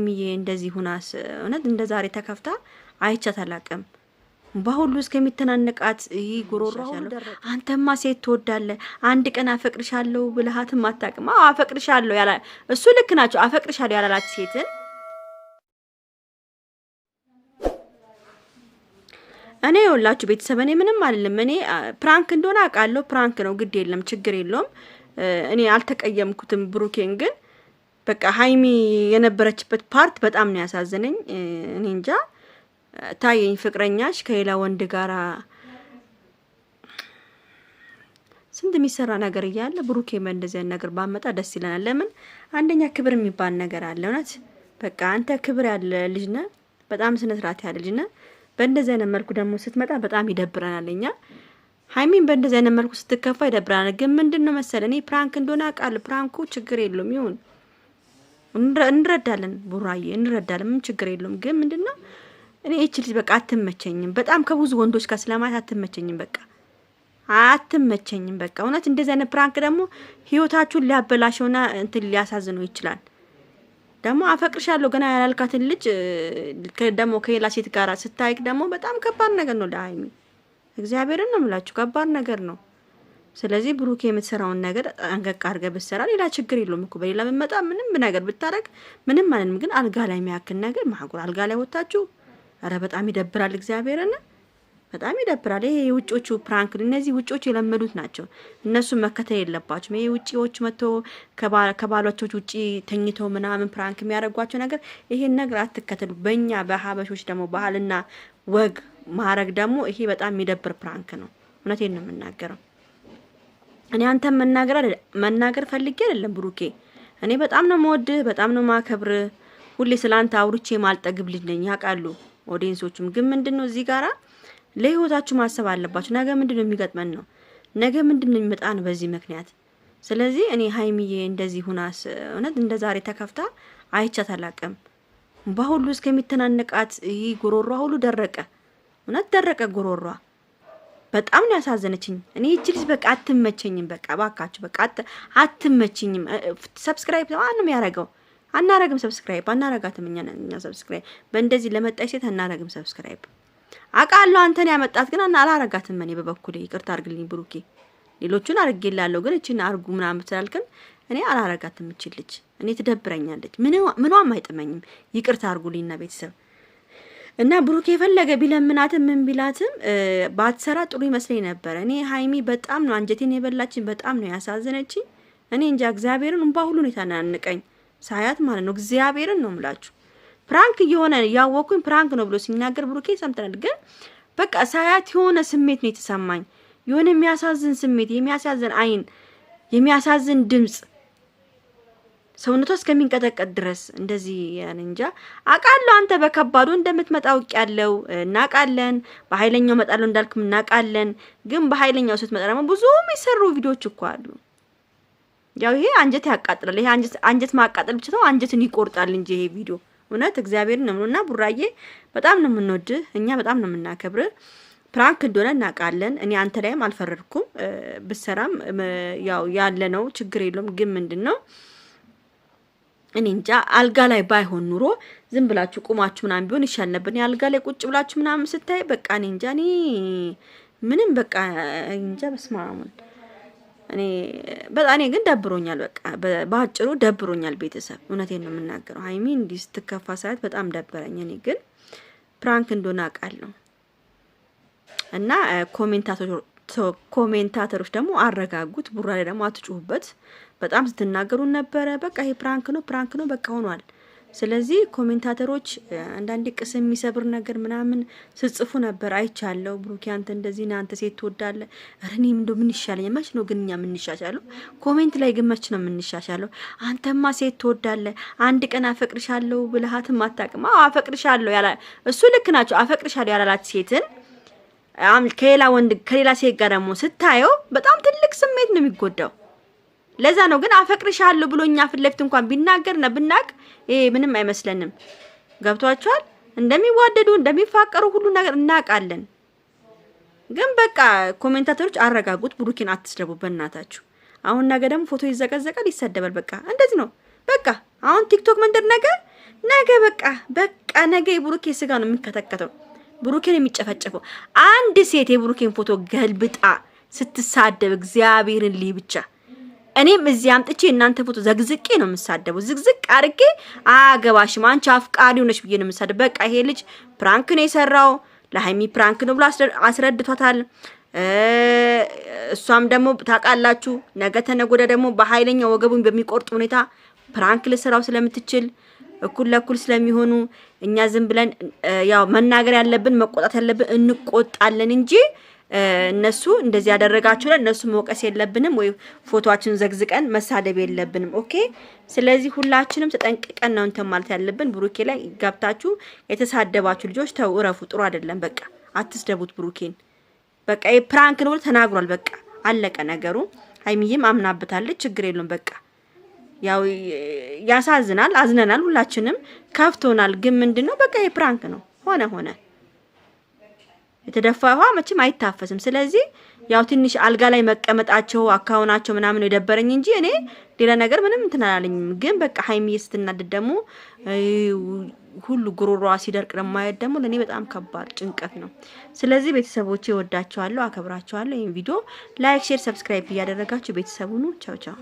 ሀይሚዬ እንደዚህ ሁናስ እውነት እንደ ዛሬ ተከፍታ አይቻት አላቅም። በሁሉ እስከሚተናነቃት ይህ ጉሮሮ አንተማ ሴት ትወዳለህ፣ አንድ ቀን አፈቅርሻለሁ ብልሃትም አታቅም። አፈቅርሻለሁ ያላ እሱ ልክ ናቸው። አፈቅርሻለሁ ያላላት ሴትን እኔ የወላችሁ ቤተሰብ እኔ ምንም አይደለም። እኔ ፕራንክ እንደሆነ አውቃለሁ። ፕራንክ ነው፣ ግድ የለም ችግር የለውም። እኔ አልተቀየምኩትም ብሩኬን ግን በቃ ሀይሚ የነበረችበት ፓርት በጣም ነው ያሳዘነኝ። እኔ እንጃ ታየኝ ፍቅረኛሽ ከሌላ ወንድ ጋራ ስንት የሚሰራ ነገር እያለ ብሩኬ እንደዚህ ነገር ባመጣ ደስ ይለናል። ለምን አንደኛ ክብር የሚባል ነገር አለ። እውነት በቃ አንተ ክብር ያለ ልጅ ነ በጣም ስነ ስርዓት ያለ ልጅ ነ። በእንደዚህ አይነት መልኩ ደግሞ ስትመጣ በጣም ይደብረናል። እኛ ሀይሚን በእንደዚህ አይነት መልኩ ስትከፋ ይደብረናል። ግን ምንድን ነው መሰለ እኔ ፕራንክ እንደሆነ አውቃለሁ። ፕራንኩ ችግር የለውም ይሁን እንረዳለን፣ ቡራዬ እንረዳለን። ምን ችግር የለውም። ግን ምንድን ነው እኔ ች ልጅ በቃ አትመቸኝም። በጣም ከብዙ ወንዶች ጋር ስለማለት አትመቸኝም። በቃ አትመቸኝም። በቃ እውነት እንደዚህ አይነት ፕራንክ ደግሞ ህይወታችሁን ሊያበላሸውና እንትን ሊያሳዝነው ይችላል። ደግሞ አፈቅርሻለሁ ገና ያላልካትን ልጅ ደግሞ ከሌላ ሴት ጋር ስታይቅ ደግሞ በጣም ከባድ ነገር ነው ለሀይሚ። እግዚአብሔርን ነው የምላችሁ፣ ከባድ ነገር ነው። ስለዚህ ብሩኬ የምትሰራውን ነገር አንቀቅ አድርገ ብትሰራ ሌላ ችግር የለውም እኮ በሌላ ብመጣ ምንም ነገር ብታረግ ምንም አለንም። ግን አልጋ ላይ የሚያክል ነገር ማጉር አልጋ ላይ ወታችሁ፣ ኧረ በጣም ይደብራል። እግዚአብሔርን በጣም ይደብራል። ይሄ የውጮቹ ፕራንክ፣ እነዚህ ውጮች የለመዱት ናቸው። እነሱን መከተል የለባቸውም። ይሄ ውጪዎች መጥቶ ከባሏቸው ውጪ ተኝተው ምናምን ፕራንክ የሚያደርጓቸው ነገር ይሄን ነገር አትከተሉ። በእኛ በሀበሾች ደግሞ ባህልና ወግ ማረግ ደግሞ ይሄ በጣም የሚደብር ፕራንክ ነው። እውነቴን ነው የምናገረው። እኔ አንተ መናገር መናገር ፈልጌ አይደለም ብሩኬ። እኔ በጣም ነው መወድህ፣ በጣም ነው ማከብር። ሁሌ ስላንተ አውርቼ ማልጠግብ ልጅ ነኝ ያውቃሉ ኦዲየንሶቹም። ግን ምንድነው እዚህ ጋራ ለህይወታችሁ ማሰብ አለባችሁ። ነገ ምንድነው የሚገጥመን ነው ነገ ምንድነው ነው በዚህ ምክንያት። ስለዚህ እኔ ሀይሚዬ እንደዚህ ሁናስ እውነት እንደ ዛሬ ተከፍታ አይቻት አላቅም። በሁሉ እስከሚተናነቃት ይህ ጉሮሯ ሁሉ ደረቀ፣ እውነት ደረቀ ጉሮሯ። በጣም ነው ያሳዘነችኝ። እኔ እጅ ልጅ በቃ አትመቸኝም። በቃ ባካችሁ በቃ አትመቸኝም። ሰብስክራይብ ማንም ያደረገው አናረግም። ሰብስክራይብ አናረጋትም። እኛ ሰብስክራይብ በእንደዚህ ለመጣች ሴት አናረግም ሰብስክራይብ። አውቃለሁ አንተን ያመጣት ግን አላረጋትም። እኔ በበኩሌ ይቅርታ አርግልኝ ብሩኬ። ሌሎቹን አርጌላለሁ ግን እችን አርጉ ምናምን ስላልክም እኔ አላረጋትም። እችል ልጅ እኔ ትደብረኛለች። ምንም አይጥመኝም። ይቅርታ አርጉልኝና ቤተሰብ እና ብሩክ የፈለገ ቢለምናትም ምን ቢላትም ባትሰራ ጥሩ ይመስለኝ ነበረ። እኔ ሀይሚ በጣም ነው አንጀቴን የበላችን፣ በጣም ነው ያሳዘነችኝ። እኔ እንጃ እግዚአብሔርን እንባ ሁሉ ነው የታናንቀኝ ሳያት ማለት ነው። እግዚአብሔርን ነው ምላችሁ ፕራንክ እየሆነ ያወኩኝ ፕራንክ ነው ብሎ ሲናገር ብሩኬ ሰምተናል። ግን በቃ ሳያት የሆነ ስሜት ነው የተሰማኝ፣ የሆነ የሚያሳዝን ስሜት፣ የሚያሳዝን አይን፣ የሚያሳዝን ድምፅ። ሰውነቷ እስከሚንቀጠቀጥ ድረስ እንደዚህ እንጃ አቃለሁ አንተ በከባዱ እንደምትመጣ ውቅ ያለው እናውቃለን። በኃይለኛው እመጣለሁ እንዳልክም እናውቃለን። ግን በኃይለኛው ስትመጣ ደግሞ ብዙ የሚሰሩ ቪዲዮዎች እኮ አሉ። ያው ይሄ አንጀት ያቃጥላል። ይሄ አንጀት ማቃጠል ብቻ አንጀትን ይቆርጣል እንጂ ይሄ ቪዲዮ እውነት እግዚአብሔር ነው እና ቡራዬ፣ በጣም ነው የምንወድህ፣ እኛ በጣም ነው የምናከብርህ። ፕራንክ እንደሆነ እናውቃለን። እኔ አንተ ላይም አልፈረድኩም። ብሰራም ያው ያለ ነው፣ ችግር የለውም። ግን ምንድን ነው እኔ እንጃ አልጋ ላይ ባይሆን ኑሮ ዝም ብላችሁ ቁማችሁ ምናምን ቢሆን ይሻል ነበር። አልጋ ላይ ቁጭ ብላችሁ ምናምን ስታይ በቃ እኔ እንጃ እኔ ምንም በቃ እንጃ በስማሙን እኔ በጣም እኔ ግን ደብሮኛል። በቃ በአጭሩ ደብሮኛል። ቤተሰብ እውነቴን ነው የምናገረው። ሀይሚ እንዲህ ስትከፋ ሳያት በጣም ደበረኝ። እኔ ግን ፕራንክ እንደሆነ አውቃለሁ እና ኮሜንታተሮች ደግሞ አረጋጉት። ቡራ ላይ ደግሞ አትጩሁበት። በጣም ስትናገሩን ነበረ። በቃ ይሄ ፕራንክ ነው ፕራንክ ነው በቃ ሆኗል። ስለዚህ ኮሜንታተሮች አንዳንዴ ቅስም የሚሰብር ነገር ምናምን ስጽፉ ነበር አይቻለው። ብሩኪ አንተ እንደዚህ ነህ፣ አንተ ሴት ትወዳለ ኧረ ምንዶ ምን ይሻለኝ? መች ነው ግን እኛ የምንሻሻለው? ኮሜንት ላይ ግን መች ነው የምንሻሻለው? አንተማ ሴት ትወዳለ አንድ ቀን አፈቅርሻለሁ ብልሃትም አታውቅም። አዎ አፈቅርሻለሁ ያላ እሱ ልክ ናቸው። አፈቅርሻለሁ ያላላት ሴትን ከሌላ ወንድ ከሌላ ሴት ጋር ደግሞ ስታየው በጣም ትልቅ ስሜት ነው የሚጎዳው። ለዛ ነው ግን አፈቅርሻለሁ ብሎ እኛ ፊት ለፊት እንኳን ቢናገርና ብናቅ ይሄ ምንም አይመስለንም። ገብቷቸዋል። እንደሚዋደዱ እንደሚፋቀሩ ሁሉ ነገር እናውቃለን። ግን በቃ ኮሜንታተሮች አረጋጉት፣ ብሩኪን አትስደቡ በእናታችሁ። አሁን ነገ ደግሞ ፎቶ ይዘቀዘቃል፣ ይሰደባል። በቃ እንደዚህ ነው። በቃ አሁን ቲክቶክ መንደር ነገ ነገ በቃ በቃ ነገ የብሩኬ ስጋ ነው የሚከተከተው። ብሩኬን የሚጨፈጨፈው አንድ ሴት የብሩኬን ፎቶ ገልብጣ ስትሳደብ እግዚአብሔርን ልይ ብቻ እኔም እዚህ አምጥቼ እናንተ ፎቶ ዘግዝቄ ነው የምሳደበው። ዝግዝቅ አድርጌ አገባሽም አንቺ አፍቃሪ ሆነች ብዬ ነው የምሳደብ። በቃ ይሄ ልጅ ፕራንክ ነው የሰራው ለሀይሚ ፕራንክ ነው ብሎ አስረድቷታል። እሷም ደግሞ ታውቃላችሁ፣ ነገ ተነገ ወዲያ ደግሞ በሀይለኛ ወገቡን በሚቆርጥ ሁኔታ ፕራንክ ልሰራው ስለምትችል እኩል ለኩል ስለሚሆኑ እኛ ዝም ብለን ያው መናገር ያለብን መቆጣት ያለብን እንቆጣለን እንጂ እነሱ እንደዚህ ያደረጋቸው ላይ እነሱ መውቀስ የለብንም ወይ ፎቶአችን ዘግዝቀን መሳደብ የለብንም። ኦኬ። ስለዚህ ሁላችንም ተጠንቅቀን ነው እንትን ማለት ያለብን። ብሩኬ ላይ ገብታችሁ የተሳደባችሁ ልጆች ተው፣ እረፉ። ጥሩ አይደለም። በቃ አትስደቡት ብሩኬን። በቃ ፕራንክ ነው ተናግሯል። በቃ አለቀ ነገሩ። ሀይሚዬም አምናበታለች። ችግር የለውም። በቃ ያው ያሳዝናል፣ አዝነናል፣ ሁላችንም ከፍቶናል። ግን ምንድነው በቃ የፕራንክ ነው፣ ሆነ ሆነ። የተደፋ ውሃ መቼም አይታፈስም። ስለዚህ ያው ትንሽ አልጋ ላይ መቀመጣቸው አካውናቸው ምናምን የደበረኝ እንጂ እኔ ሌላ ነገር ምንም እንትን አላለኝም። ግን በቃ ሀይሚዬ ስትናደድ ደግሞ ሁሉ ጉሮሯ ሲደርቅ ደግሞ ደግሞ ለእኔ በጣም ከባድ ጭንቀት ነው። ስለዚህ ቤተሰቦቼ ወዳቸዋለሁ፣ አከብራቸዋለሁ። ይህም ቪዲዮ ላይክ፣ ሼር፣ ሰብስክራይብ እያደረጋችሁ ቤተሰቡኑ ቻው ቻው